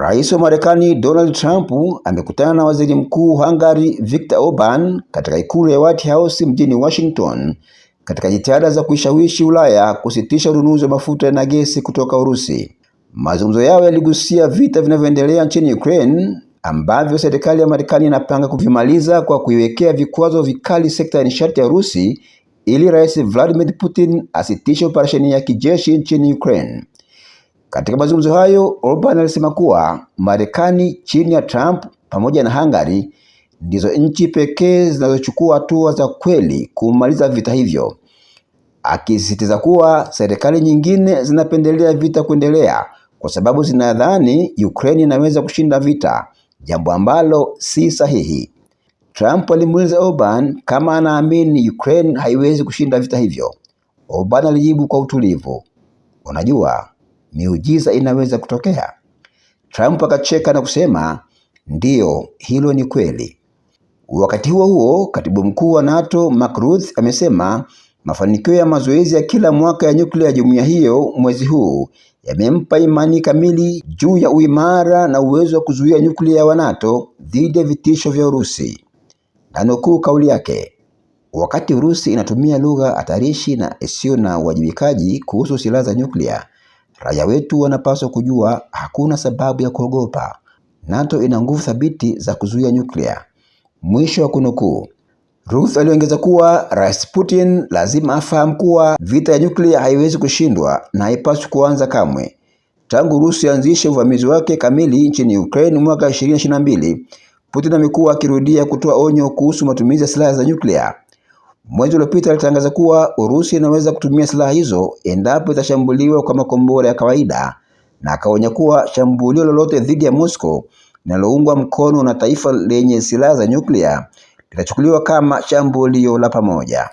Rais wa Marekani Donald Trump amekutana na Waziri Mkuu Hungary Viktor Orban katika ikulu ya White House mjini Washington katika jitihada za kuishawishi Ulaya kusitisha ununuzi wa mafuta na gesi kutoka Urusi. Mazungumzo yao yaligusia vita vinavyoendelea nchini Ukraine ambavyo serikali ya Marekani inapanga kuvimaliza kwa kuiwekea vikwazo vikali sekta ya nishati ya Urusi ili Rais Vladimir Putin asitishe operesheni ya kijeshi nchini Ukraine. Katika mazungumzo hayo, Orban alisema kuwa Marekani chini ya Trump pamoja na Hungary ndizo nchi pekee zinazochukua hatua za kweli kumaliza vita hivyo, akisisitiza kuwa serikali nyingine zinapendelea vita kuendelea kwa sababu zinadhani Ukraine inaweza kushinda vita, jambo ambalo si sahihi. Trump alimuuliza Orban kama anaamini Ukraine haiwezi kushinda vita hivyo. Orban alijibu kwa utulivu, unajua miujiza inaweza kutokea? Trump akacheka na kusema ndiyo, hilo ni kweli. Wakati huo huo, katibu mkuu wa NATO Mark Rutte amesema mafanikio ya mazoezi ya kila mwaka ya nyuklia ya jumuiya hiyo mwezi huu yamempa imani kamili juu ya uimara na uwezo wa kuzuia nyuklia wa NATO dhidi ya vitisho vya Urusi. Nanukuu kauli yake: wakati Urusi inatumia lugha hatarishi na isiyo na uwajibikaji kuhusu silaha za nyuklia, Raia wetu wanapaswa kujua hakuna sababu ya kuogopa. NATO ina nguvu thabiti za kuzuia nyuklia. Mwisho wa kunukuu. Ruth aliongeza kuwa Rais Putin lazima afahamu kuwa vita ya nyuklia haiwezi kushindwa na haipaswi kuanza kamwe. Tangu Urusi anzishe uvamizi wake kamili nchini Ukraine mwaka 2022, Putin amekuwa akirudia kutoa onyo kuhusu matumizi ya silaha za nyuklia. Mwezi uliopita alitangaza kuwa Urusi inaweza kutumia silaha hizo endapo itashambuliwa kwa makombora ya kawaida na akaonya kuwa shambulio lolote dhidi ya Moscow linaloungwa mkono na taifa lenye silaha za nyuklia litachukuliwa kama shambulio la pamoja.